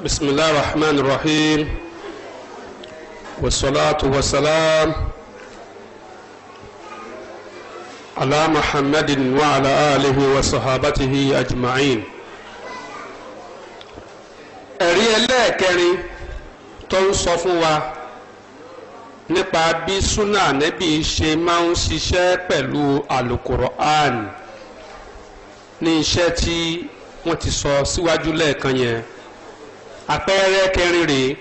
بسم الله الرحمن الرحيم والصلاة والسلام على محمد وعلى آله وصحابته أجمعين ẹ̀rí ẹlẹ́ẹ̀kẹrin tó ń sọ fún wa nípa bí súnà nẹ́bí ṣe máa ń ṣiṣẹ́ pẹ̀lú alukur'an ní iṣẹ́ tí wọ́n ti sọ síwájú lẹ́ẹ̀kan yẹn àpẹẹrẹ kẹrin rèé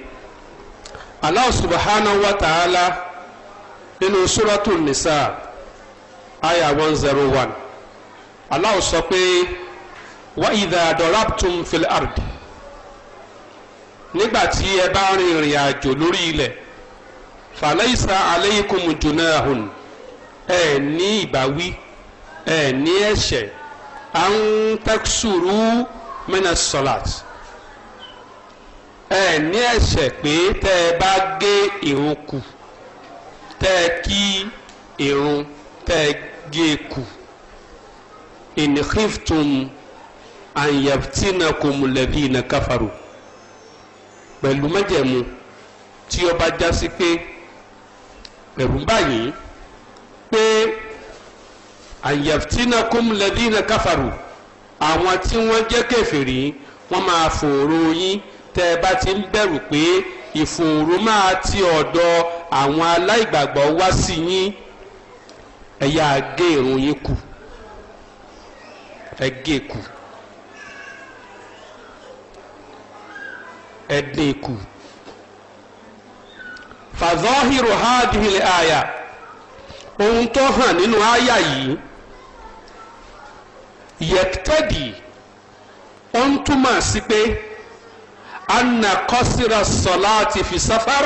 Allah subhanahu wa ta'ala nínú suratul nisa aya one zero oh one Allah sọ pé wa idha darabtum fil ard nígbà tí ẹ bá rin ìrìn àjò lórí ilẹ̀ falaysa alaykum junahun ẹ ní ìbáwí ẹ ní ẹ̀ṣẹ̀ à ń tẹ́kṣùrú mẹ́nà sọ́láàtì ẹ ní ẹ̀ṣẹ̀ pé tẹ́ ẹ bá gé irun kù tẹ́ ẹ kí irun tẹ́ ẹ gé e kù in khiftum an yaftinakum alladhina kafaru pẹ̀lú májẹ̀mú tí ó bá já sí pé ẹ̀rù ń báyìí pé an yaftinakum alladhina kafaru àwọn tí wọ́n jẹ́ kèfèrí wọ́n máa fòòró yín tẹ́ ẹ bá ti ń bẹ̀rù pé ìfòòró máa ti ọ̀dọ̀ àwọn aláìgbàgbọ́ wá sí yín ẹ yá gé irun yín kù ẹ gé e kù ẹ dín e kù fàzọ́hìrò hádìhìlẹ̀ àyà ohun tó hàn nínú àyà yìí yẹtẹ́dì ó ń túmọ̀ sí pé. anna kọ́sìrà sọ̀láàtì fi safar,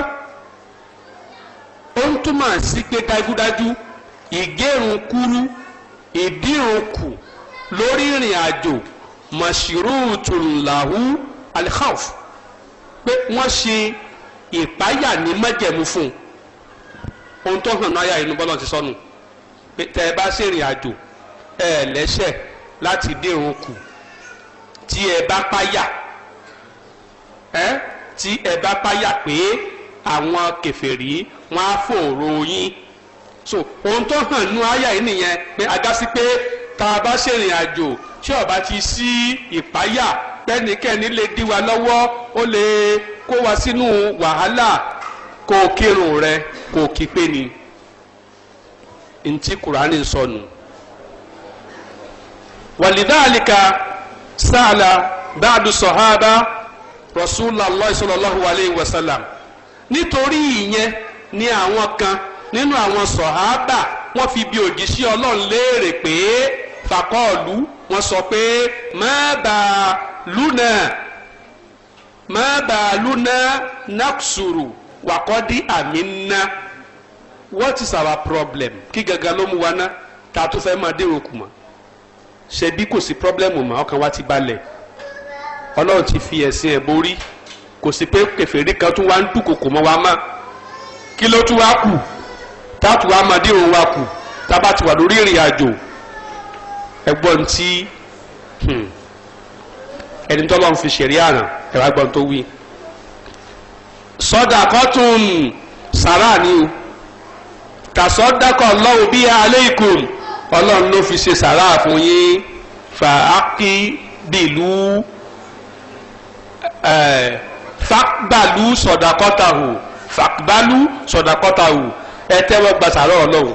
ó ń túmọ̀ sí pé dájúdájú ìgérun kúrú ìdírun kù lórí ìrìn àjò mọ̀ṣírùtùn làwù alkhawf pé wọ́n ṣe ìpáyà ní májẹ̀mú fún un ohun tó hàn náà yà inú bọ́lá ti sọnù pé tẹ́ ẹ bá ṣèrìn àjò ẹ lẹ́sẹ̀ láti dírun kù tí ẹ bá páyà. ẹ́ tí ẹ bá páyà pé àwọn kèfèrí wọn á fòòró yín so ohun tó hàn nú àyà yìí nìyẹn pé a dá pé tá a bá ṣèrìn àjò tí ọba ti sí ìpáyà pẹ́nikẹ́ni lè dí wa lọ́wọ́ ó lè kó wa sínú wàhálà kó o kírun rẹ kó o kí pé ni ntí kùránì sọnù. wàlídàálìkà sáàlà báàdù sọ̀hábà. Rasulullah sallallahu alayhi wa sallam nítorí ìyẹn ni àwọn kan nínú àwọn sọ̀hábà wọ́n fi bi òjíṣẹ́ ọlọ́run léèrè pé fàkọ́ọ̀lù wọ́n sọ pé má bàa lúnà má bàa lúnà nàkṣùrù wàkọ́dí àmì ńnà what is our problem kí gangan ló mú wa ná ta tó fẹ́ máa dé òkú mọ́ kò sí problem mọ́ ọkàn wa ti balẹ̀ ọlọ́run ti fi ẹ̀sìn ẹ̀ borí kò sí pé kèfèrí kan tún wá ń dúnkòkò mọ́ wa mọ́ kí ló tún wá kù táàtù wa máa dé òun wa kù tá a bá ti wà lórí ìrìn àjò ẹgbọ́n tí hmm, ẹni tó lọ́n fi ṣẹ̀rí àná ẹ̀rọ agbọ́n tó wí. sọ́dà kọ́tùn sàrà ni o kàsọ́dàkọ̀ lọ́wọ́ bíi aleikum ọlọ́run ló fi ṣe sàrà fún yín fàákì bìlú fàkbàlù sọ̀dàkọ́tàhù fàkbàlù sọ̀dàkọ́tàhù ẹ tẹ́wọ́ gbàsàrọ̀ ọlọ́run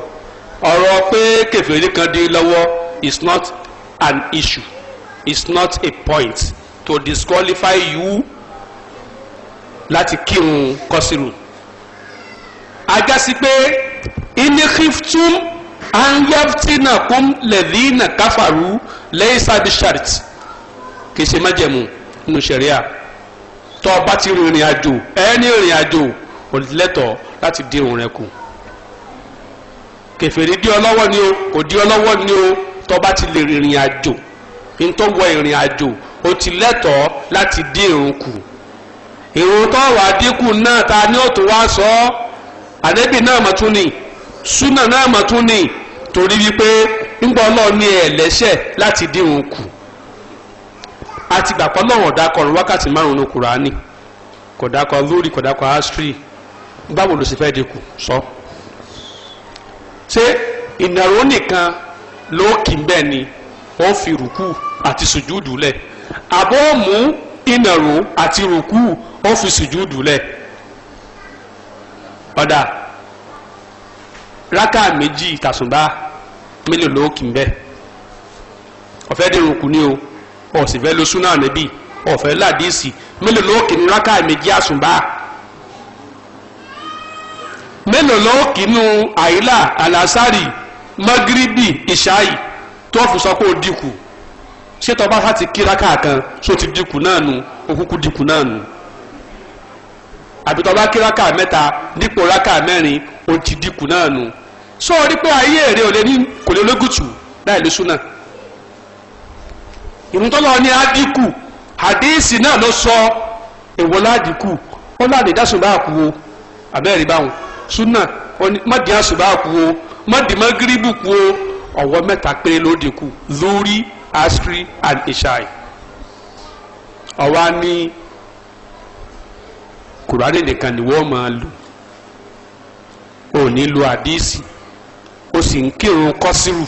ọ̀rọ̀ pé kèfèrí kan dín lọ́wọ́ is not an issue is not a point to disqualify you láti kírun kọ́sìrù agasi pé inikiftum anyafitinakum lẹ́dínà káfàrú lẹ́yìn sábì sharti kì ṣe májẹ̀mú nínú sẹ̀ríà tọ́ ọba ti rin ìrìn àjò ẹni ìrìn àjò kò lẹ́tọ̀ọ́ láti dín òun rẹ kù kèfèrí dí ọlọ́wọ́ ni o kò dí ọlọ́wọ́ ni o tọ́ ọba ti lè rìnrìn àjò nítorí wọ ìrìn àjò o ti lẹ́tọ̀ọ́ láti dín irun kù irun tó wà dínkù náà ta ni ó tún wá sọ ọ́ àdébì náà mà tún ni súnà náà mà tún ni torí wípé ńgbọ́ ọlọ́ọ̀ ni ẹ̀ lẹ́sẹ̀ láti dín irun kù àti gbàpọ̀ lọ́wọ́n dákọ̀rùn wákàtí márùn-ún kùránì kò dákọ̀ lórí kò dákọ̀ áṣírí báwo ló sì fẹ́ dínkù sọ. ṣé ìnàró nìkan ló kì í bẹ́ẹ̀ ni ó fi rùkú àti sùjúdù lẹ̀ àbọ̀ mú ìnàró àti rùkú ó fi sùjúdù lẹ̀ ọ̀dà rákà méjì ìtàsùnbá mélòó ló kì í bẹ́ẹ̀ ọ̀fẹ́ dé rùkú ni o ọ̀sì fẹ́ lo súnà níbí ọ̀fẹ́ ládìsì mélòó ló kì í rákà méjì àsùnbà mélòó ló kì í nu àyílà àlàsárì magiribi ìṣáì tó fi sọ pé ó dínkù ṣé tọ́ bá sá ti kí rákà kan só ti dínkù náà nu òkúkú dínkù náà nu àbí tọ́ bá kí rákà mẹ́ta dípò rákà mẹ́rin ó ti dínkù náà nu sọ rí pé ayé èrè ò lè ní kò lè lógùtù láì lóṣù náà ìrùntọ́lọ́ ní adínkù hadíìsì náà ló sọ èwo ládínkù ó láàdì dá sùbá kú o abẹ́rẹ́ báwọn súnà mọ́dì àsùbá kú o mọ́dì mọ́gíríbù kú o ọ̀wọ́ mẹ́ta péré ló dínkù lórí asri and ishai ọ̀wá ní kùránì nìkan ni wọ́n máa lò ò ní lo hadíìsì ó sì ń kírun kọ́sírù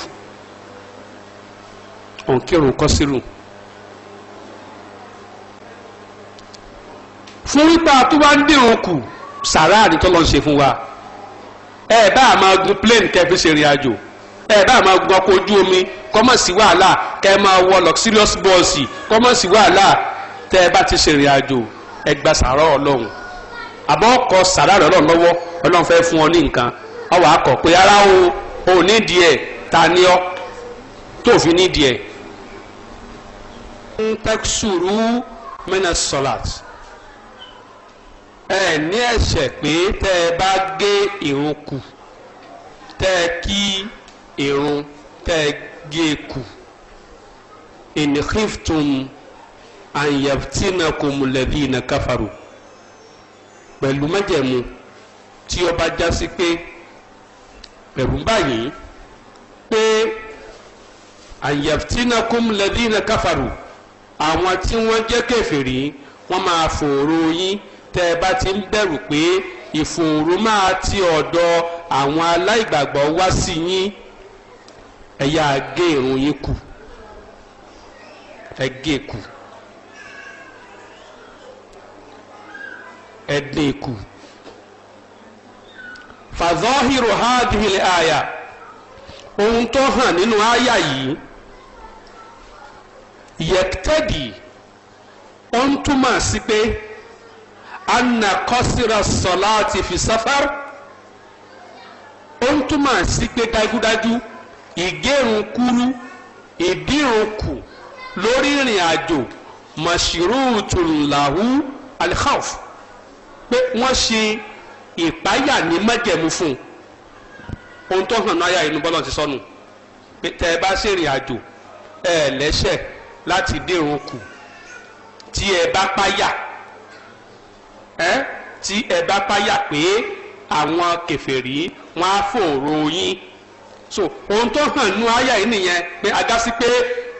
òun kírun kọ́sírù fún wípé àtúbà ń dín òun kù sàrá àdìtọ́ ló ń ṣe fún wa ẹ bá a máa gun plane kẹfí ṣe ìrìn àjò ẹ bá a máa gun ọkọ̀ ojú omi kọ́mọ̀ sí wàhálà kẹ máa wọ luxurious bọ́ọ̀sì kọ́mọ̀ sí wàhálà tẹ ẹ bá ti ṣe ìrìn àjò ẹ gba sàrá ọlọ́run àbọ̀ ọkọ̀ sàrá ọlọ́run lọ́wọ́ ọlọ́run fẹ́ fún ọ ní nǹkan ọwọ́ akọ̀ pé ara o ò ní díẹ̀ ta ni ọ́ tó fi ní díẹ̀ ntẹ́kṣùrú mẹ́nà sọ́làt ẹ ní ẹ̀ṣẹ̀ pé tẹ́ ẹ bá gé irun kù tẹ́ ẹ kí irun tẹ́ ẹ gé e kù in khiftum an yaftinakum alladhina kafaru pẹ̀lú májẹ̀mú tí ó bá já sí pé pẹ̀lú báyìí pé an yaftinakum alladhina kafaru. àwọn tí wọ́n jẹ́ kèfèrí wọ́n máa fòòró yín tẹ́ ẹ bá ti ń bẹ̀rù pé ìfòòró máa ti ọ̀dọ̀ àwọn aláìgbàgbọ́ wá sí yín ẹ yá gé irun yín kù yẹtẹ́dì ó ń túmọ̀ sí pé anna kọ́síra sọ̀lá ti fi sáfárì ó ń túmọ̀ sí pé dájúdájú ìgérun kúrú ìdírun kù lórí ìrìn àjò mọ̀ṣírùtùláhù alkhawf pé wọ́n ṣe ìpáyà ní májẹ̀mú fún un ohun tó hàn náà yà inú bọ́lá ti sọnù pé tẹ́ ẹ bá ṣèrìn àjò ẹ lẹ́ṣẹ̀ẹ́ láti dé òkú tí ẹ bá páyà ẹ tí ẹ bá páyà pé àwọn kèfèrí wọn á fòòró yín so ohun tó hàn nú àyà yìí nìyẹn pé agásí pé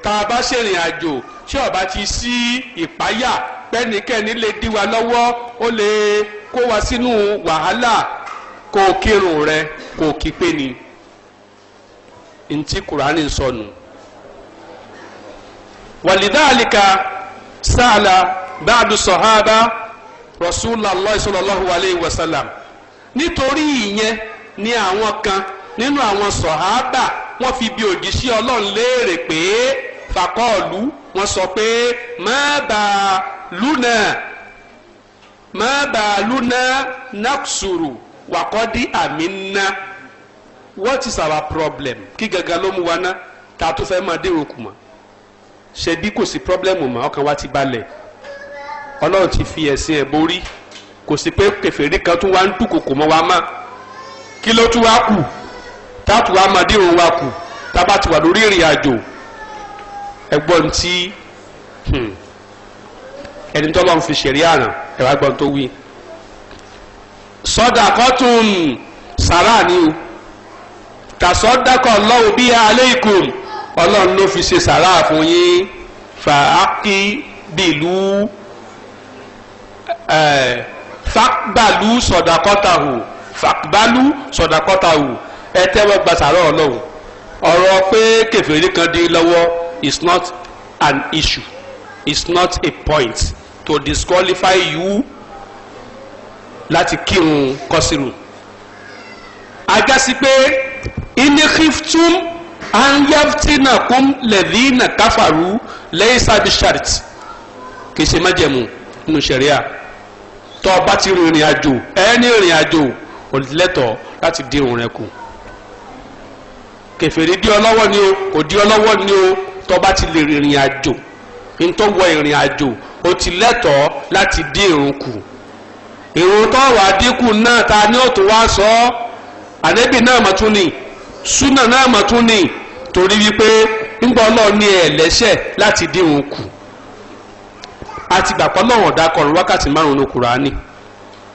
tá a bá ṣèrìn àjò tí ó bá ti sí ìpáyà pẹ́nikẹ́ni lè dí wa lọ́wọ́ ó lè kó wa sínú wàhálà kó o kírun rẹ kó o kí pé ni ntí kùránì sọnù. So, wàlídàálíkà sáàlà báàdù sọ̀hábà rasulallah sallallahu alayhi wa sallam nítorí ìyẹn ni àwọn kan nínú àwọn sọ̀hábà wọ́n fi bi òjíṣẹ́ ọlọ́run léèrè pé fàkọ́ọ̀lù wọ́n sọ pé má bàa lúnà má bàa lúnà nàkṣùrù wàkọ́dí àmínà what is our problem kí gangan ló mú wa ná ta máa dé òkú mọ́ ṣe bí kò sí pọ́blẹ́mù mọ́ ọkàn wa ti balẹ̀ ọlọ́run ti fi ẹ̀sìn ẹ̀ borí kò sí pé kèfèrí kan tún wá ń dúnkòkò mọ́ wa mọ́ kí ló tún wá kù táàtù wa máa dé òun wa kù tábà ti wà lórí ìrìn àjò ẹgbọ́n tí hmm, ẹni tó lọ́n fi ṣẹ̀rí àràn ẹ̀rọ agbọ́n tó wí sọ́dà kọ́tùn sàrà ni o tàsọ́dà kan lọ́wọ́ bíi aleikum ọlọ́run ló fi ṣe sàrà fún yín fàákì bìlú fàgbàlú sọ̀dàkọ́tàhù fàgbàlú sọ̀dàkọ́tàhù ẹ tẹ́wọ́ gba sàrà ọlọ́run ọ̀rọ̀ pé kèfèrí kan dín lọ́wọ́ is not an issue is not a point to disqualify you láti kírun kọ́sírù. ajá sí pé inikhiftum an na kum ladhina kafaru laysa bi shart kì í ṣe májẹ̀mú nínú ṣẹ̀ríà tó o bá ti rin ìrìn àjò ẹni ìrìn àjò òlẹ́tọ̀ láti dín òun rẹ kù kèfèrí dí ọ lọ́wọ́ ni o kò dí ọ lọ́wọ́ ni o tó o bá ti lè rìnrìn àjò ntọ́ wọ ìrìn àjò o ti lẹ́tọ̀ láti dín ìrun kù ìrun tó wà ta ni ó tó wá sọ ọ́ ànábì náà mà ni súnà náà mà tún ni torí wípé ńgbọ́ ọlọ́run ní ẹ̀lẹ́ṣẹ̀ láti dín òun kù àti gbàgbọ́ lọ́wọ́n ọ̀dà kọrùn wákàtí márùn-ún ní kùránì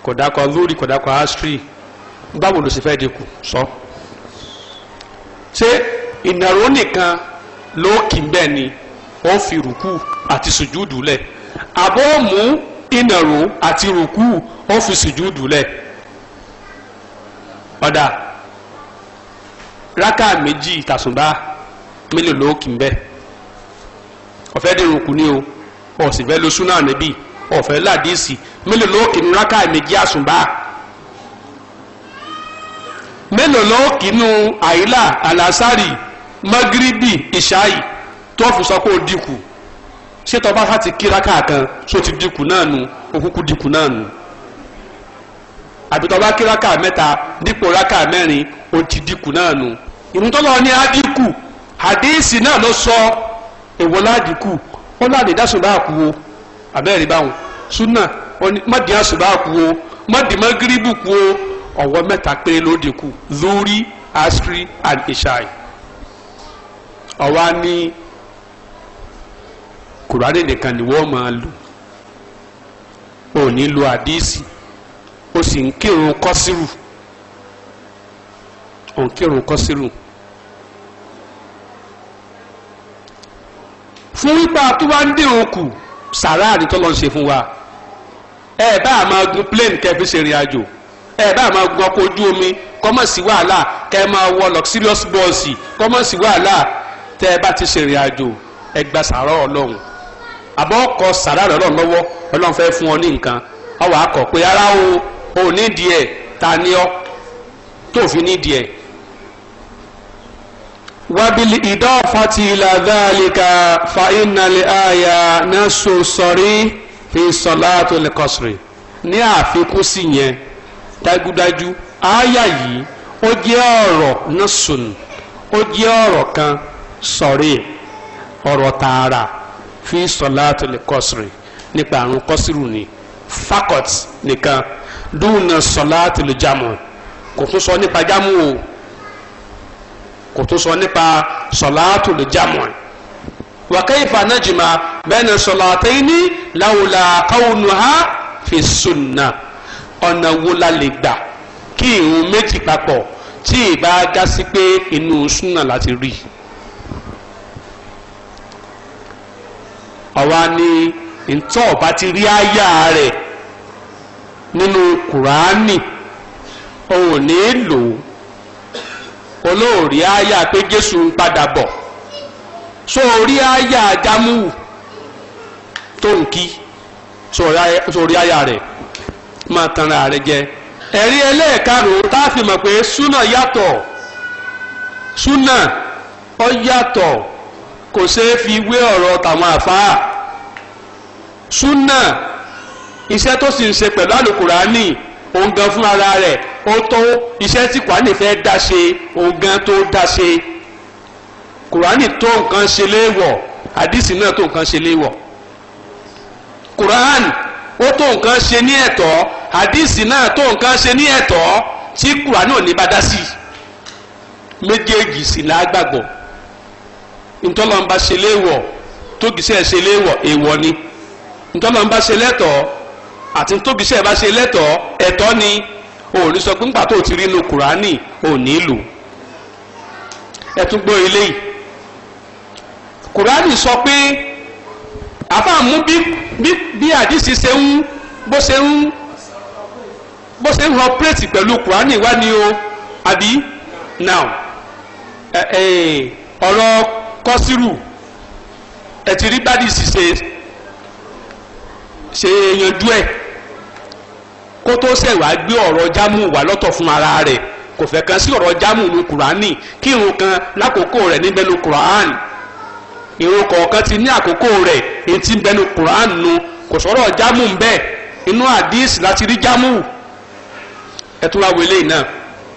kò dákọ̀ lórí kò dákọ̀ áṣírí báwo ló sì fẹ́ dínkù sọ. ṣé ìnàró nìkan ló kì í bẹ́ẹ̀ ni ó fi rùkú àti sùjúdù lẹ̀ àbọ̀ mú ìnàró àti rùkú ó fi sùjúdù lẹ̀ ọ̀dà Raka méjì ìtàsùnbá mélòó ló kì í bẹ ọ̀fẹ́ dèrò kù ní o ọ̀sìn fẹ́ lo súnà níbí ọ̀fẹ́ làdíìsì mélòó ló kì í rákà méjì àsùnbá mélòó ló kì í nu àyílà àlàsárì magiribi ìṣáì tó fi sọ pé ó dínkù ṣé tọ́ bá sá ti kí rákà kan só ti dínkù náà nu òkúkú dínkù náà nu àbí tọ́ kí rákà mẹ́ta dípò rákà mẹ́rin ó ti dínkù náà nu ntɔlɔni adi ku hadisi náà lɔ sɔ ewɔ ladi ku wọn lade daso baa ku wo abɛɛri ba wo suna wɔni madi aso baa ku wo madi magiribu ku wo ɔwɔ mɛta kpee lɔ asiri and ishai ɔwɔ ani kurani nìkan ni wọn ma lu òní lu hadisi o si n kírun òǹkírun kọ́sírù fún wípa tó bá ń dìrò kù sàrá ni tó lọ ṣe fún wa ẹ bá a máa gun plane kẹ́ fi ṣe ìrìn àjò ẹ bá a máa gun ọkọ̀ ojú omi kọ́mọ̀ sí wàhálà kẹ́ máa wọ luxurious bọ́ọ̀sì kọ́mọ̀ sí wàhálà tẹ́ bá ti ṣe ìrìn àjò ẹ gba sàrá ọlọ́run àbọ̀ ọkọ̀ sàrá ọlọ́run lọ́wọ́ ọlọ́run fẹ́ fún ọ ní nǹkan ọwọ́ akọ̀ pé ara o ò ní díẹ̀ ta ni ọ tó fi ní díẹ̀ وبالإضافة إلى ذلك فإن الآية نص صريح في صلاة القصر ní àfikún sí yẹn dájúdájú àyà yìí ó jẹ́ ọ̀rọ̀ nasun ó jẹ́ ọ̀rọ̀ kan sọ̀rí ọ̀rọ̀ tààrà fi sọ̀láàtì kọ́sìrì nípa àrùn kọ́sìrì ni fakọ́t nìkan dùn náà sọ̀láàtì lè jámù kò tún sọ nípa jámù o kò tó sọ nípa sọ̀láàtù lè jàmọ̀ ẹ̀ wa kayfa najma bayna salatayni lawla kaunuha fi sunnah ọ̀nà wo la lè gbà kí ìrun méjì papọ̀ tí ìbá gá sí pé inú súnà láti rí ọ̀wá ni ntọ́ ọba ti rí àyà rẹ̀ nínú kùránì òun ní lò olóòrí àyà pé jésù ń padà bọ̀ so orí àyà jámúù tó ń kí so orí àyà rẹ̀ máa tanra rẹ̀ jẹ ẹ̀rí ẹlẹ́ẹ̀karùn-ún tá a fi mọ̀ pé súnà yàtọ̀ súnà ọ yàtọ̀ kò ṣeé fi wé ọ̀rọ̀ tàwọn àfáà súnà iṣẹ́ tó sì ń ṣe pẹ̀lú àlùkùránì òun gan fún ara rẹ̀ ó tó iṣẹ́ tí kùránì fẹ́ dá ṣe òun gan tó dá ṣe kùránì tó nǹkan ṣe léèwọ̀ àdìsí náà tó nǹkan ṣe léèwọ̀ kùránì ó tó nǹkan ṣe ní ẹ̀tọ́ àdìsí náà tó nǹkan ṣe ní ẹ̀tọ́ tí kùránì ò ní bá dá sí méjèèjì sì lágbàgbọ́ ntọ́lọ́mba ṣe léèwọ̀ tó ṣe ṣe èèwọ̀ ni ntọ́lọ́mba ṣe lẹ́tọ̀ọ́ àti tóbi iṣẹ́ bá ṣe lẹ́tọ̀ọ́ ẹ̀tọ́ ni o ò ní sọ pé ńgbà tó ti rí inú kùránì ò ní lò ẹ tún gbọ́ eléyìí kùránì sọ pé àfàmú bí bí bí àdìsí ṣe ń bó ṣe ń bó ṣe ń ọpẹ́rẹ́tì pẹ̀lú kùránì wá ní o àbí now ọ̀rọ̀ kọ́sírù ẹ̀ ti rí bá àdìsí ṣe ṣe yanjú ẹ̀ kó tó ṣẹ̀wá gbé ọ̀rọ̀ jámù wá lọ́tọ̀ fún ara rẹ̀ kò fẹ́ kan sí ọ̀rọ̀ jámù ní kùránì kí irun kan lákòókò rẹ̀ níbẹ̀ ló kùránì irun kọ̀ọ̀kan ti ní àkókò rẹ̀ èyí tí ń bẹnu kùránì nu kò sọ̀rọ̀ jámù ń bẹ inú àdíìsì láti rí jámù ẹtúra wẹlé náà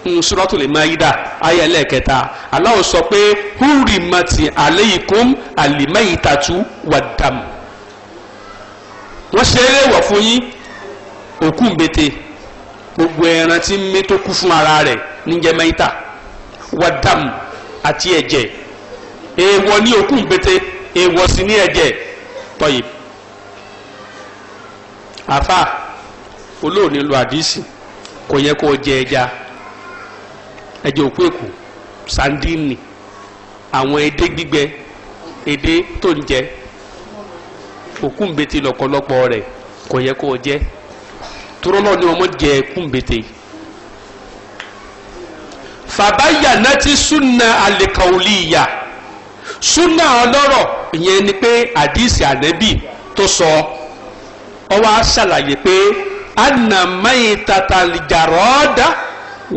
ń Suratul Maida ayé ẹlẹ́ẹ̀kẹta Allah sọ pé húrìmọ̀tì alaykum àlìmẹ́yìtàtú wàdàmù wọ́n ṣe eré wọ̀ fún yín òkú mbete gbogbo ẹran tí ń mé tó kú fún ara rẹ̀ níjẹ́ mẹ́ta wàdàm àti ẹ̀jẹ̀ èèwọ̀ ní òkú mbete èèwọ̀ sì ní ẹ̀jẹ̀ tọ́yì àfa olóòní lu àdìsí kò yẹ kó jẹ ẹja ẹja òkú èkó sandini àwọn edé gbígbẹ edé tó ń jẹ òkúńbete lọ́pọ̀lọpọ̀ rẹ̀ kò yẹ kó o jẹ́ torọ́lọ́ ni ọmọ jẹ kúńbete. fàbáyà náà ti súnà àlèkàwòlì ìyà súnà ọlọ́rọ̀ ìyẹn ni pé àdìsí ànẹ́bì tó sọ ọ wá ṣàlàyé pé anamayi tataljarọ́dá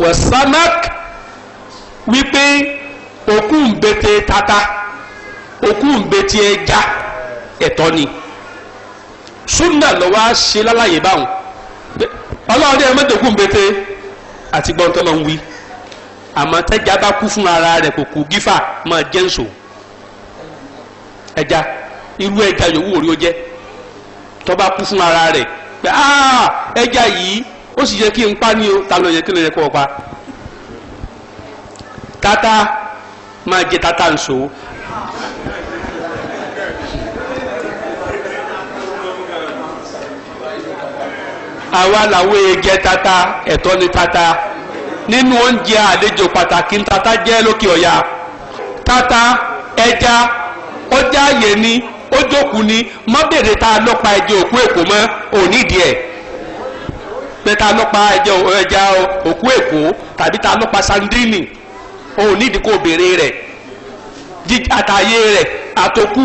wasamak wípé òkúńbete tata òkúńbete ẹja ẹ̀tọ́ ni. E súnà lọ́wọ́ á ṣe lálàyé báwọn ọlọ́run ní ẹ̀mẹ́dẹ́gùn bété àti gbọ́n tó lọ ń wí àmọ́ tẹ́jà bá kú fún ara rẹ̀ kò kú gífà máa jẹ́ ń sò ẹja irú ẹja yòówù orí ó jẹ́ tó bá kú fún ara rẹ̀ pé ẹja yìí ó sì yẹ kí n pa ní o ta ló yẹ kí ló yẹ kó o pa tata máa jẹ tata ń sò àwa làwọn èèjẹ tata ẹ̀tọ́ ni tata nínú oúnjẹ àlejò pàtàkì tata jẹ́ lókè ọ̀yà tata ẹja ọjà àyè ni ó ni mọ́bèrè tá lọ́pa òkú èkó mọ́ òní díẹ̀ pé ẹja òkú èkó tàbí béèrè àtàyè àtòkù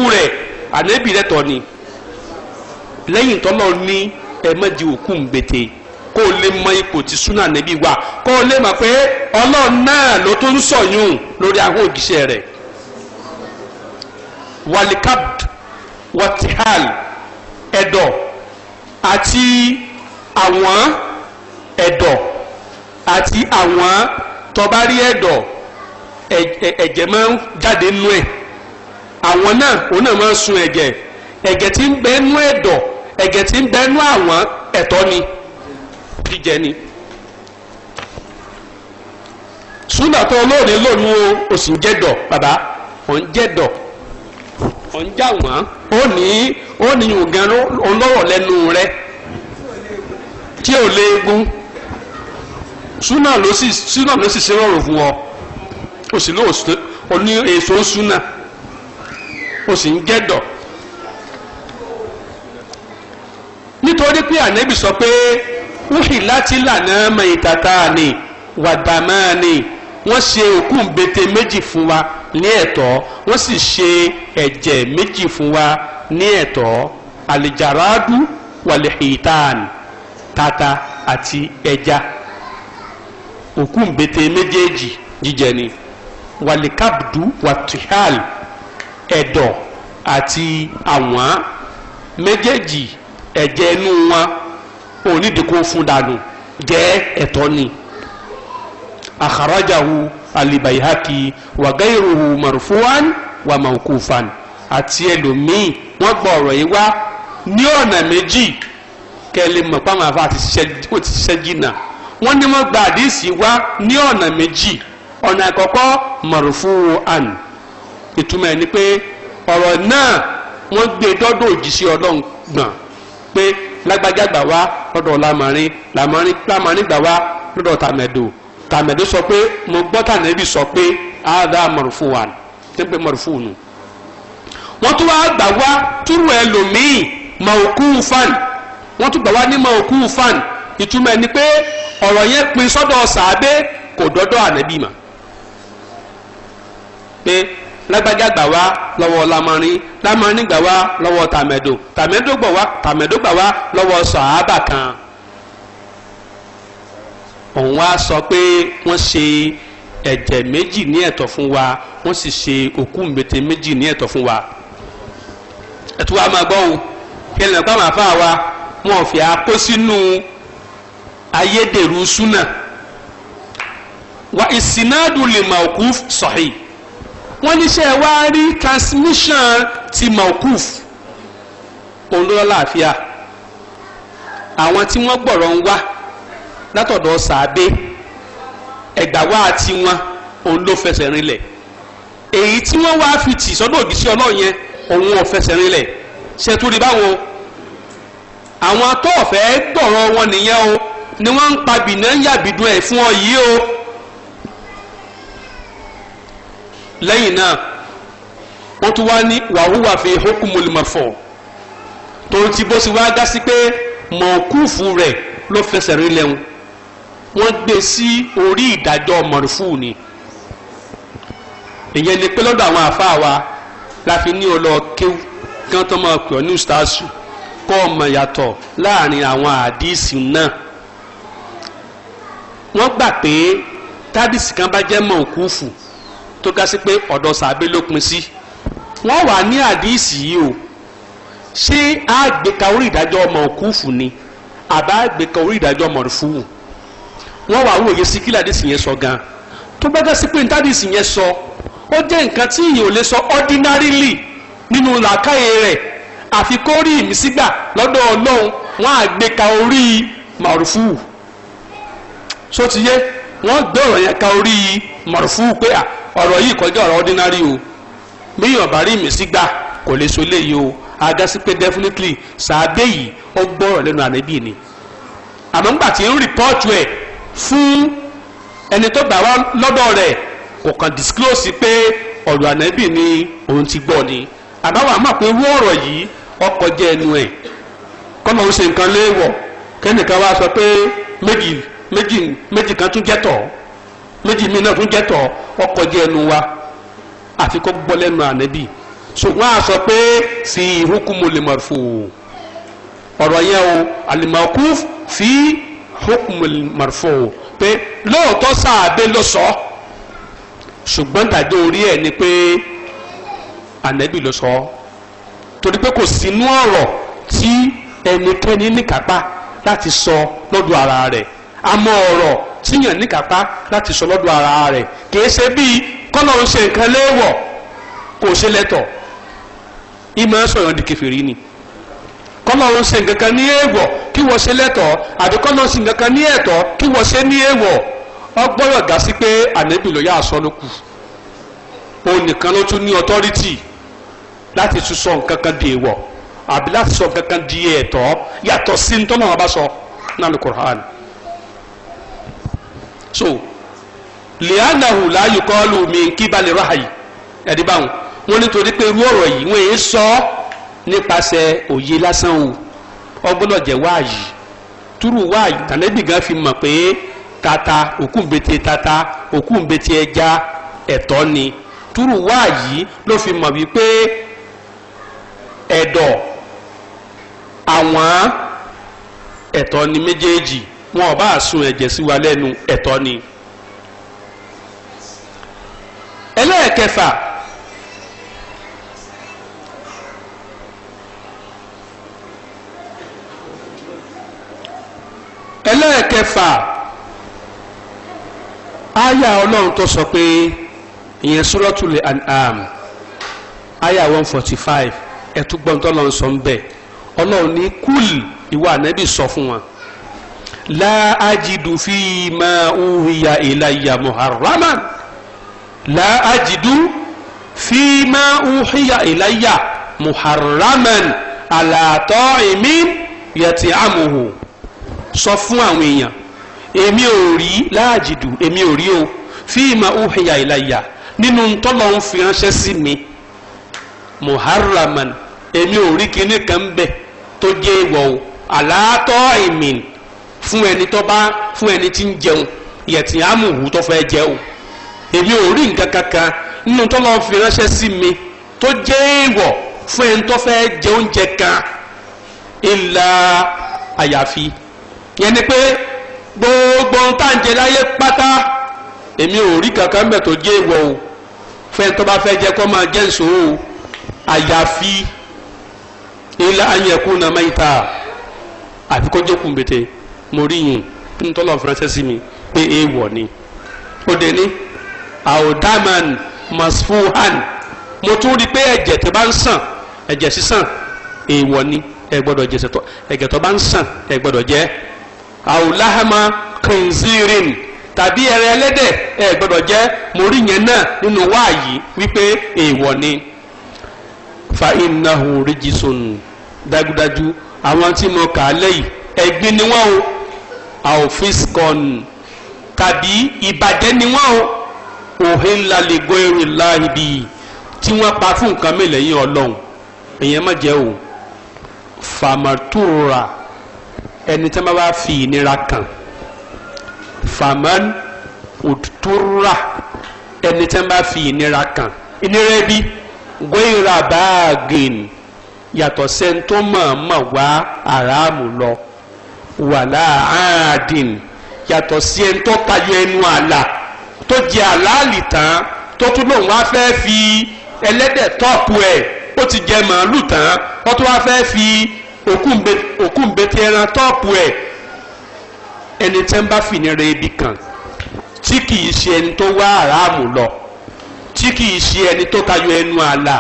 ẹ má di òkú ń gbètè kó o lè mọ ipò tí súnà níbí wà kó o lè mọ̀ pé ọlọ́run náà ló tún ń sọ̀yún lórí àwọn òjíṣẹ́ rẹ̀ walikabd watihal ẹ̀dọ̀ àti àwọn ẹ̀dọ̀ àti àwọn tọ́bárí ẹ̀dọ̀ ẹ̀jẹ̀ máa ń jáde nú ẹ̀ àwọn náà òun náà máa ń sun ẹ̀jẹ̀ ẹ̀jẹ̀ tí ń bẹ nú ẹ̀dọ̀ ẹ̀gẹ̀ tí ń bẹnú àwọn ẹ̀tọ́ ni jíjẹ ni súnà tó olóòní lónìí o ò sì ń jẹ́dọ̀ bàbá ò ń jẹ́dọ̀ ò ń jà wọ́n ó ní ó ní ògán olóró lẹ́nu rẹ tí ò léegun súnà ló sì súnà ló sì ṣe fún ọ o sì lóò ní èso súnà o sì ń jẹ́dọ̀. nítorí pé ànábì sọ pé wúhì láti lànà mọ ìtàtà ni wàdàmá ni wọ́n ṣe òkú bete méjì fún wa ní ẹ̀tọ́ wọ́n sì ṣe ẹ̀jẹ̀ méjì fún wa ní ẹ̀tọ́ àlìjàràdù wàlìhìtàn tata àti ẹja òkú bete méjèèjì jíjẹ ni wàlìkàbdù wàtúhàl ẹ̀dọ̀ àti àwọn méjèèjì ẹ̀jẹ̀ inú wọn onídìkú fún dànù jẹ́ ẹ̀tọ́ ni akharajahu alibayhaki wagairuhu marfuwan wa mawkufan àti ẹlòmíì wọ́n gbọ́ ọ̀rọ̀ yìí wá ní ọ̀nà méjì kẹlẹ mọ̀ pàmò àfa àti ṣiṣẹ́ jìnnà wọ́n ní wọ́n gba àdìsí wá ní ọ̀nà méjì ọ̀nà àkọ́kọ́ marfuwan ìtumọ̀ ẹ̀ ni pé ọ̀rọ̀ náà wọ́n gbé dọ́dọ̀ òjíṣẹ́ ọlọ́run gbọ̀n pé lágbájá gbà wá lọ́dọ̀ lamarin lamarin lamarin gbà wá lọ́dọ̀ tàmẹ̀dò tàmẹ̀dò sọ pé mo gbọ́ sọ pé àádá mọ̀rùfù wà mọ̀rùfù nù. wọ́n tún wá gbà wá túrú fan wọ́n tún gbà wá ní fan ìtumọ̀ ni pé ọ̀rọ̀ yẹn pin sọ́dọ̀ kò dọ́dọ̀ mà lágbájá gbà wá lọ́wọ́ lamọ́rin lamọ́rin gbà wá lọ́wọ́ tàmẹ̀dò tàmẹ̀dò gbà wá tàmẹ̀dò gbà wá lọ́wọ́ sàhábà kan òun wá sọ pé wọ́n ṣe ẹ̀jẹ̀ méjì ní ẹ̀tọ́ fún wa wọ́n sì ṣe òkú mbete méjì ní ẹ̀tọ́ fún wa ẹ̀tú wa máa gbọ́ o kí ẹnìyàn kọ́ máa fà wọn ò fi àkó sínú ayédèrú súnà wa ìsìnádùn lè mà òkú sọ̀hìn wọ́n níṣẹ́ wá rí transmission ti mọ̀kúf òun ló lọ́láàfíà àwọn tí wọ́n gbọ̀rọ̀ ń wá látọ̀dọ̀ sàábé ẹ̀gbàwá àti wọn òun ló fẹsẹ̀ rinlẹ̀ èyí tí wọ́n wá fi tì sọ́dọ̀ òbí sí ọlọ́run yẹn òun ò fẹsẹ̀ rinlẹ̀ ṣètúrí báwọn àwọn atọ́ọ̀fẹ́ gbọ̀rọ̀ wọn nìyẹn o ni wọ́n ń pa bìnà yàbìdún ẹ̀ fún ọ yìí o. lẹ́yìn náà wọ́n tún wá ní wàhùwà fi hukumul marfu' tòun ti bó sì wá dá sí pé mọ̀ọ́kùfù rẹ̀ ló fẹsẹ̀ rí lẹ́hùn wọ́n gbé sí orí ìdájọ́ mọ̀rùfù ni ìyẹn ni pé lọ́dọ̀ àwọn àfáà wa la fi ní ọlọ́ọ̀kéw kí wọ́n tó máa pè ọ́ ní ustaasu kọ́ ọmọ yàtọ̀ láàrin àwọn àdìsí náà wọ́n gbà pé tádìsì kan bá jẹ́ mọ̀ọ́kùfù tó ga sí pé ọ̀dọ̀ sàbẹ́ ló pin sí wọ́n wà ní àdíìsì yìí o ṣé àgbéka orí ìdájọ́ ọmọ òkúfù ni àbá àgbéka orí ìdájọ́ ọmọ òfúwù wọ́n wà wòye sí kí làdíìsì yẹn sọ gan tó bá ga sí pé ntàdíìsì yẹn sọ ó jẹ́ nǹkan tí ìyẹn ò lè sọ ordinarily nínú làákàyè rẹ̀ àfi kó ìmísígbà lọ́dọ̀ ọlọ́run wọ́n àgbéka orí màrúfù sótìyé wọ́n gbé ọ̀rọ̀ yẹn ka orí màrúfù pé à ọ̀rọ̀ yìí kọjá ọ̀rọ̀ ordinary o míyàn bá rí ìmísí gbà kò lè so léyìí o agasi pé definitely sàbẹ̀ yìí ó gbọ́rọ̀ lẹ́nu ànábì ni àmọ́ ńgbà tí ń rìpọ́ọ̀tù ẹ̀ fún ẹni tó gbà wá lọ́dọ̀ rẹ̀ kò kàn disclose pé ọ̀rọ̀ ànábì ni òun ti gbọ́ ni àbáwọ̀ àmọ́ pé wọ́n ọ̀rọ̀ yìí ọkọ̀ jẹ́ ẹnu ẹ̀ kọ́nà ó ṣe nǹkan léèwọ̀ kẹ́nìkan wá sọ pé méjì méjì méjì kan tún jẹ́ tọ̀ méjì mi náà tún jẹ́ tọ̀ ọkọ̀ jẹ́ ẹnu wa àfi kó gbọ́ lẹ́nu ànábì ṣùgbọ́n a sọ pé sí hukumu limarfu ọ̀rọ̀ yẹn o alimakuf fi hukumu limarfu pé lóòótọ́ sáàbẹ̀ ló sọ ṣùgbọ́n tàdé orí ẹ̀ ni pé ànábì ló sọ torí pé kò sínú ọ̀rọ̀ tí ẹnikẹ́ni níkápá láti sọ lọ́dọ̀ ara rẹ̀ àmọ́ ọ̀rọ̀ tíyàn níkàtá láti sọ lọ́dọ̀ ara rẹ̀ kì ṣe bíi kọ́nà ń ṣe nǹkan léèwọ̀ kò ṣe lẹ́tọ̀ ìmọ̀ sọ̀rọ̀ di kẹfìrí ni kọ́nà ń ṣe nǹkan kan ní èèwọ̀ kí wọ́n ṣe lẹ́tọ̀ àbí kọ́nà ń ṣe nǹkan kan ní ẹ̀tọ́ kí wọ́n ṣe ní èèwọ̀ ọgbọ́yọ̀ gà sí pé ànábì ló yá aṣọ ló kù òun nìkan ló tún ní ọtọ́rítì láti tún sọ nǹkan kan di èèwọ̀ àbí láti sọ nǹkan kan di ẹ̀tọ́ yàtọ̀ sí ní tọ́lọ́wọ́n bá sọ náà ní Kùránì. so lianahu láàyò kọ́ lù mí kí balẹ̀ ráàyè ẹ̀dí báwọn wọn ọrọ pé irú ọ̀rọ̀ yìí wọ́n yé sọ ọ́ òye lásán o gan fi pé tata òkú nbete tata òkú nbete ẹja ẹ̀tọ́ ni túrú wáàyè ló fi mọ̀ wípé ẹdọ àwọn ẹtọ wọn ò bá sun ẹ̀jẹ̀ sí wa lẹ́nu ẹ̀tọ́ ni. ẹlẹ́ẹ̀kẹfà ẹlẹ́ẹ̀kẹfà àyà ọlọ́run tó sọ pé ìyẹn Suratul An'am àyà 145, forty five ẹ̀túgbọ́n tó lọ́n sọ ń bẹ̀ ọlọ́run ní kúl ìwà ànábì sọ fún wọn la ajidu fi ma uhiya ilayya muharraman la ajidu fi ma uhiya ilayya muharraman ala ta'imin yat'amuhu sọ fún àwọn èèyàn èmi ò rí la ajidu èmi ò rí o fi ma uhiya ilayya nínú tọ́lọ̀ ń fi ránṣẹ́ sí mi muharraman èmi ò rí kinní kan bẹ́ẹ̀ tó jẹ́ ìwọ̀ o ala ta'imin fún ẹni tó bá fún ẹni tí ń jẹun yẹtì amúhù tó fẹ́ jẹ o èmi ò rí nǹkan kankan nínú tó lọ́ọ́ fi ránṣẹ́ sí mi tó jẹ́ èèwọ̀ fún ẹni tó fẹ́ jẹ oúnjẹ kan ìlà àyàfi yẹn ni pé gbogbo ohun tá à ń jẹ láyé pátá èmi ò rí kankan bẹ̀ tó jẹ́ èèwọ̀ o fún ẹni tó bá fẹ́ jẹ kó máa jẹ́ nsò àyàfi ìlà àyẹ̀kú nàmẹ́ta àfi kó jẹ́ kùnbètè mo rí yìn ntọ́lọ̀ fúnrẹ́sẹ́ sí mi pé èèwọ̀ ni ó dé àwòdàmán masfuhan mo tún rí i pé ẹ̀jẹ̀ tó bá ń sàn ẹ̀jẹ̀ sísàn èèwọ̀ ni ẹ gbọ́dọ̀ jẹ ẹ̀jẹ̀ tó bá ń sàn ẹ gbọ́dọ̀ jẹ àwòláhàmà kìnzírin tàbí ẹrẹ ẹlẹ́dẹ̀ ẹ gbọ́dọ̀ jẹ mo rí yẹn náà nínú wáàyí wípé èèwọ̀ ni fa innahu rijisun dájúdájú àwọn tí mo kà á lẹ́yìn ẹ̀gbin ni wọ́n o àwòfíìsìkọ́nù tàbí ìbàjẹ́ ni wọ́n o òhe ńlá lè gbọ́ eré ńlá ibi tí wọ́n pa fún nǹkan mi lẹ́yìn ọlọ́run èèyàn má jẹ́ o fàmàtúrà ẹni tí wọ́n bá fi ìnira kàn fàmán òtútúrà ẹni tí wọ́n bá fi ìnira kàn ìnira ẹbí gbéra báàgìn yàtọ̀ sẹ́ni wá àràmù lọ wàlá àádìn yàtọ̀ sí ẹni tó tayọ ẹnu àlà tó jẹ àlàálì tán tó tún lòun wá fẹ́ fi ẹlẹ́dẹ̀ tọ́pù ẹ̀ ó ti jẹ màálù tán ó tún wá fẹ́ fi òkúńbẹ́tẹ̀ ẹran tọ́pù ẹ̀ ẹni tẹ́ ń bá fìnira ibi kan tí kìí ṣe ẹni tó wá àràmù lọ tí kìí ṣe ẹni tó tayọ ẹnu àlà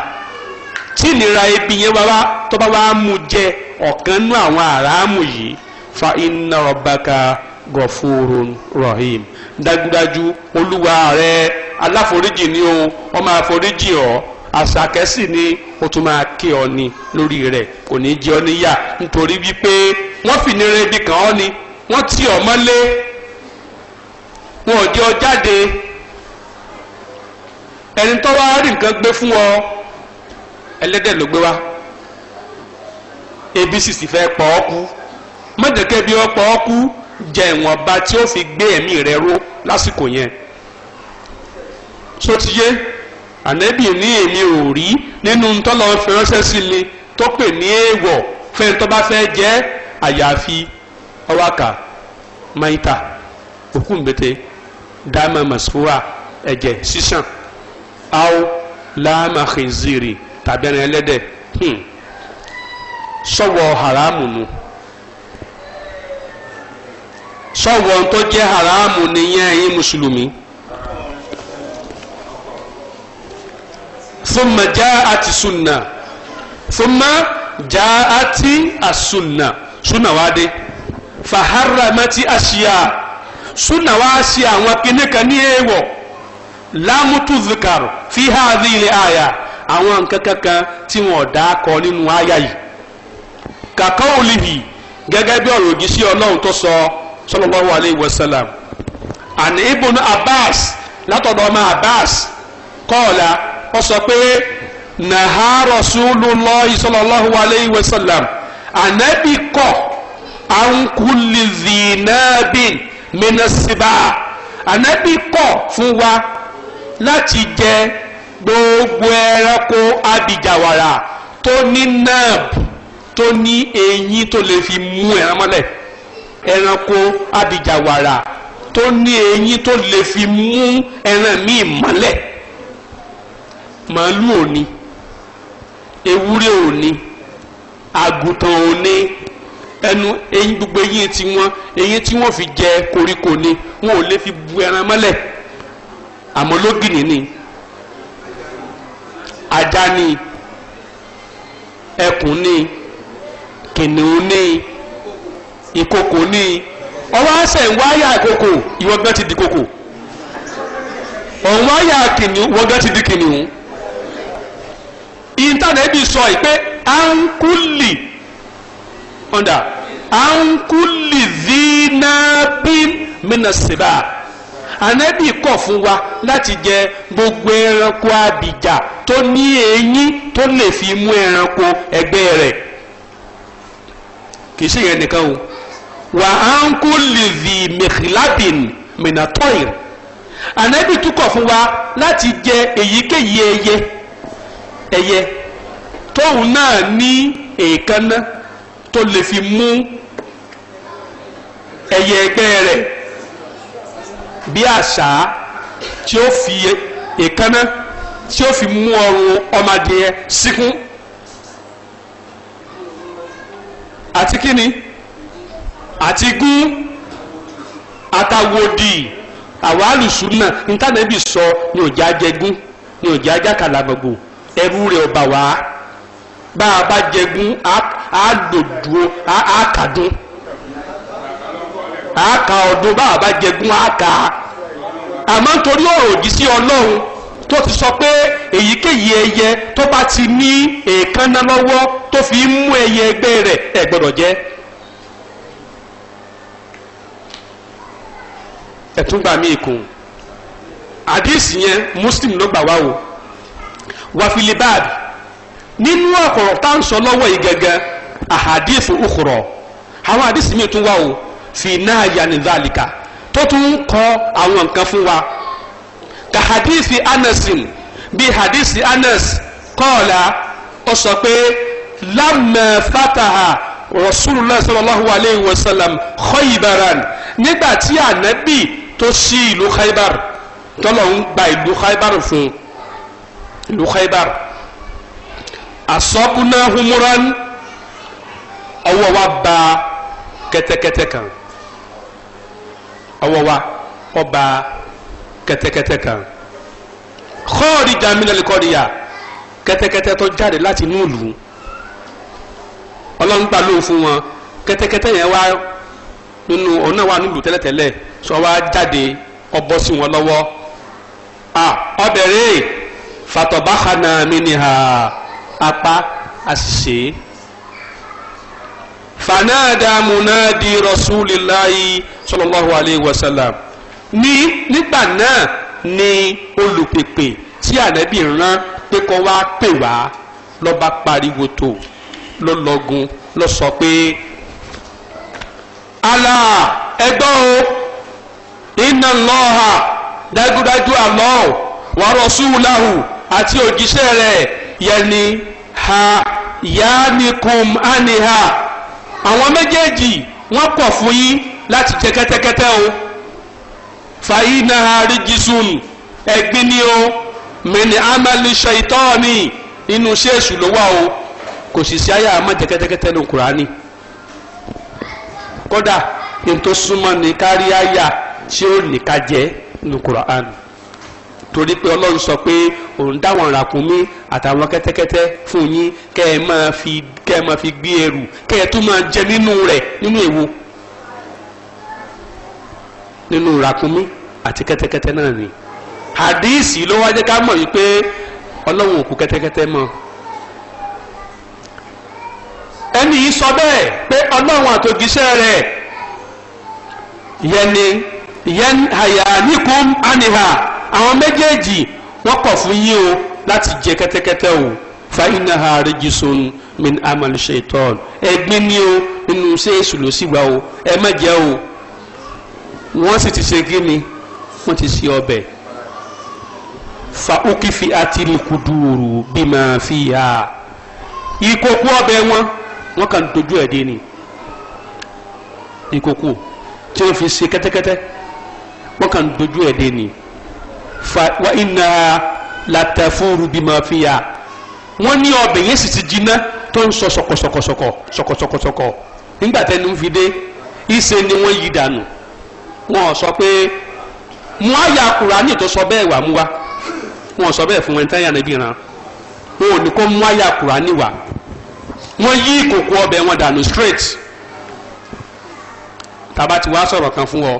tí ìnira ibi yẹn wá tó bá wá mú jẹ ọ̀kan nú àwọn àràmù yìí fa inna rabbaka gọfúrún rahim dájúdájú olúwa rẹ aláforíjì ni o ó máa foríjì asaa àṣàkẹ́sì ni o tún máa ọ ni lórí rẹ kò ní jẹ ọ níyà nítorí wípé wọn fìnira ibi kan ọ ni wọn tì ọ mọ́lé wọn ò ọ jáde ẹni tó wá rí nǹkan gbé fún ọ ẹlẹ́dẹ̀ ló gbé wá sì fẹ́ pọ̀ ọ́ mọ̀dẹ̀kẹ́ bí ọ̀pọ̀ ọkú jẹ ìwọ̀nba tí ó fi gbé ẹ̀mí rẹ̀ ró lásìkò yẹn sotiye ànẹ́bì ní èmi ò rí nínú ntọ́lọ́ fi ránṣẹ́ sí mi tó pè ní èèwọ̀ fẹ́ẹ́ tó bá fẹ́ jẹ́ àyàfi ọwáka maita òkú mbete dama ẹ̀jẹ̀ sísan aw laama khiziri tàbí ẹran ẹlẹ́dẹ̀ hmm. sọ̀wọ́ haramu nu. No sọ̀wọ́ so, tó jẹ́ haramu nìyẹn ẹ̀yin mùsùlùmí. thumma jaa'ati sunna thumma jaa'ati as-sunna sunna wá dé faharamati aṣíà sunna wá ṣe àwọn kìnnìkan ní èèwọ̀ lámùtú zikar fi hadhihi ilé àyà àwọn nǹkan kankan tí wọn dá kọ nínú àyà yìí kàkọ́ òlìhì gẹ́gẹ́ bí ọ̀rọ̀ ògì sí ọlọ́run tó sọ ọ́ sallallahu alayhi wa sallam àní ibn abbas látọ̀dọ̀ ọmọ abbas kọ́ọ̀la ó sọ pé nàhà rasulullahi sallallahu alayhi wa sallam ànábì kọ̀ ànkúlì zìnnàbìn mìnàsíbà ànábì kọ̀ fún wa láti jẹ gbogbo ẹranko abìjàwàrà tó ní nerve tó ní eyín tó lè fi mú ẹran mọ́lẹ̀ ẹranko abìjàwàrà tó ní eyín tó lè fi mú ẹran míì mọ́lẹ̀ màálù òní ewúrẹ́ òní àgùntàn òní ẹnu eyín gbogbo eyín tí wọ́n eyín tí wọ́n fi jẹ koríko ni wọn ò lè fi bu ẹran mọ́lẹ̀ àmọ́ lógìnì ni ajá ni ẹkùn ni kìnìún ni. ìkòkò ni ọwọ́ àṣẹ ń ìkòkò ìwọ́gbẹ́ ti di kòkò òun kinu kìnìún ìwọ́gbẹ́ ti di kìnìún intanẹ́ẹ̀tì sọ yìí pé ankuli ọ̀dà ankuli zinabi minasiba anẹ́bì kọ̀ fún wa láti jẹ gbogbo ẹranko abìjà tó ní eyín tó lè fi mú ẹranko ẹgbẹ́ rẹ̀ kì í yẹn nìkan o. wà á ń kú lìvì mẹ̀kìlábìn mìnàtọ́ìr ànábì tún fún wa láti jẹ èyíkéyìí ẹyẹ ẹyẹ tóun náà ní èékánná tó lè fi mú ẹyẹ ẹgbẹ́ rẹ̀ bí àṣá tí ó fi èékánná tí ó fi mú ọrùn ọmọdé síkún àti kíni. atigu kú àtàwòdì àwọn alùsùnà ntànẹ́bì sọ ní òjá jẹgún ní òjá jákàlà gbogbo ẹrú ọba wa bá a bá jẹgún á dòdò á kàdún a bá jẹgún á kà á àmọ́ nítorí ọ̀rọ̀ òdì sí ọlọ́run tó ti sọ pé èyíkéyìí ẹyẹ tó bá fi ń mú ẹyẹ ẹgbẹ́ rẹ̀ ẹ̀túngbà míì kùn àdìsí yẹn muslim ló gbà wá o wàfilibad nínú ọ̀kọ̀rọ̀ tá à ń sọ lọ́wọ́ yìí gẹ́gẹ́ àhàdìsí òkùrọ̀ àwọn àdìsí míì tún wá o fi náà yà ní dhalika tó tún ń kọ àwọn nǹkan fún wa ka hadisi anasin bí hadisi anas kọ́ọ̀la ó sọ pé lámà fataha rasulullah sallallahu alayhi wa sallam khaybaran nígbà tí ànábì tó sí ìlú khaybar tọ́lọ̀ ń gba ìlú khaybar fún ìlú khaybar asọ́kúná humuran ọwọ́ wa ba kẹ́tẹ́kẹ́tẹ́ kan ọwọ́ wa ó ba kẹ́tẹ́kẹ́tẹ́ kan kọ́ọ̀rì jaminali kọ́ọ̀rìyà kẹ́tẹ́kẹ́tẹ́ tó jáde láti inú ìlú ọlọ́run gbà lóhùn fún wọn kẹ́tẹ́kẹ́tẹ́ yẹn wá nínú ọ̀nà wa nílùú tẹ́lẹ̀tẹ́lẹ̀ sọ wá jáde ọbọ sí wọn lọ́wọ́ à ọbẹ̀rẹ̀ fatọ̀báhánà mi ni hà apá àṣìṣe fanada munadi rasulillahi sallallahu alayhi wa sallam ní nígbà náà ni olùpèpè tí ànábì rán pé kó wá pè wá ló pariwo tó ló lọ́gun ló sọ pé Allah ẹgbọ́n o inna Allaha dájúdájú Allah wa rasulahu àti òjíṣẹ́ rẹ̀ yẹni ha yanikum aniha àwọn méjèèjì wọ́n kọ̀ fún yín láti jẹ kẹ́tẹ́kẹ́tẹ́ o fàyínà àríjìsùn ẹ̀gbin ni o mẹ́ni amali ṣaitọ́ọ̀nì inú ṣéèṣù ló wà o kò sì sí àyà àmọ́ jẹ kẹ́tẹ́kẹ́tẹ́ ní kùránì kódà ní súnmọ́ ní kárí àyà tí ó ní ká jẹ ní Quran torí pé ọlọ́run sọ pé òun dáwọn ràkúnmí àtàwọn kẹ́tẹ́kẹ́tẹ́ fún yín kẹ́ ẹ máa fi kẹ́ ẹ máa fi gbé ẹrù kẹ́ ẹ tún máa jẹ nínú rẹ̀ nínú èwo nínú ràkúnmí àti kẹ́tẹ́kẹ́tẹ́ náà ni hadíìsì ló wá ká mọ̀ wípé ọlọ́run òkú kẹ́tẹ́kẹ́tẹ́ mọ́ ẹni yìí sọ bẹ́ẹ̀ pé ọlọ́run àtòjíṣẹ́ rẹ̀ yẹn yanhayanikum aniha àwọn méjèèjì wọ́n kọ̀ fún yín o láti jẹ kẹ́tẹ́kẹ́tẹ́ o fa innaha rijisun min amal shaitan ẹ̀gbin ni o nínú iṣẹ́ èṣù ló sì wá o ẹ má jẹ o wọ́n sì ti ṣe gíní wọ́n ti ṣe ọbẹ̀ fa ukifi atirikuduru bima fiha ìkòkò ọbẹ̀ wọn wọ́n kàn dojú ẹ̀ dé ni ìkòkò tí wọ́n fi ṣe kẹ́tẹ́kẹ́tẹ́. wọ́n kàn dojú ẹ̀ dé ni fa wa iná latafuru bímọ fìyà wọ́n ní ọbẹ̀ yẹn sì ti jiná tó ń sọ sọkọsọkọsọkọ sọkọsọkọsọkọ nígbà tẹnu ń fi dé ni wọ́n yí dànù wọ́n sọ pé mu àyà kùránì tó sọ bẹ́ẹ̀ wà mú wa wọ́n sọ bẹ́ẹ̀ fún wọn táyà níbí ran wọn ò ní kó àyà kùránì wà wọ́n yí ìkòkò ọbẹ̀ wọn dànù straight tàbá ti wá sọ̀rọ̀ kan fún ọ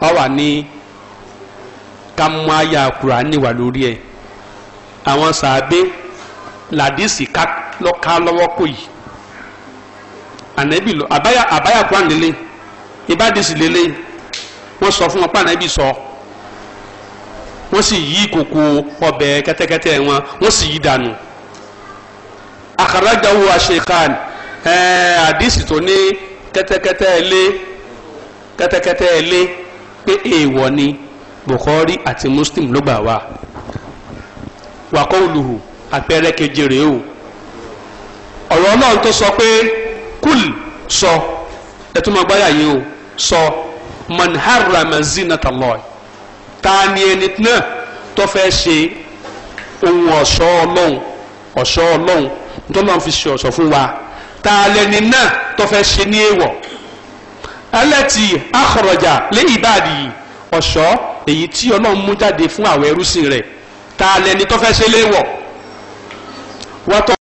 a wà ní ká mú àyà Kùránì wà lórí ẹ̀ àwọn sàábé làdísì ká lọ́wọ́ kò yìí ànábì lọ àbáyà àbáyà Kùránì lélẹ̀ ìbádìsì lélẹ̀ wọ́n sọ fún wọn pé ànábì sọ wọ́n sì yí kòkò ọbẹ̀ kẹ́tẹ́kẹ́tẹ́ wọn wọ́n sì yí dànù àkàràjáwò àṣekan ẹ̀ẹ́d tó ní kẹ́tẹ́kẹ́tẹ́ ilé kẹ́tẹ́kẹ́tẹ́ ilé pé èèwọ̀ ni bukhari àti muslim ló gbà wá wàkọ́ olùhù àpẹẹrẹ keje rèé o ọ̀rọ̀ ọlọ́run tó sọ pé kúl sọ ẹtú máa gbáyà yìí o sọ man harrama zinata Allah ta ni ẹni náà tó fẹ́ ṣe ohun ọ̀ṣọ́ ọlọ́run ọ̀ṣọ́ ọlọ́run tó lọ́n fi ṣe ọ̀ṣọ́ fún wa ta lẹni náà tó fẹ́ ṣe ní èèwọ̀ ẹlẹ́tì akọ̀rọ̀jà lé ìbàdí ọ̀ṣọ́ èyí tí ọlọ́run mú jáde fún àwọn ẹrúsìn rẹ̀ ta lẹni tó fẹ́ ṣe léwọ̀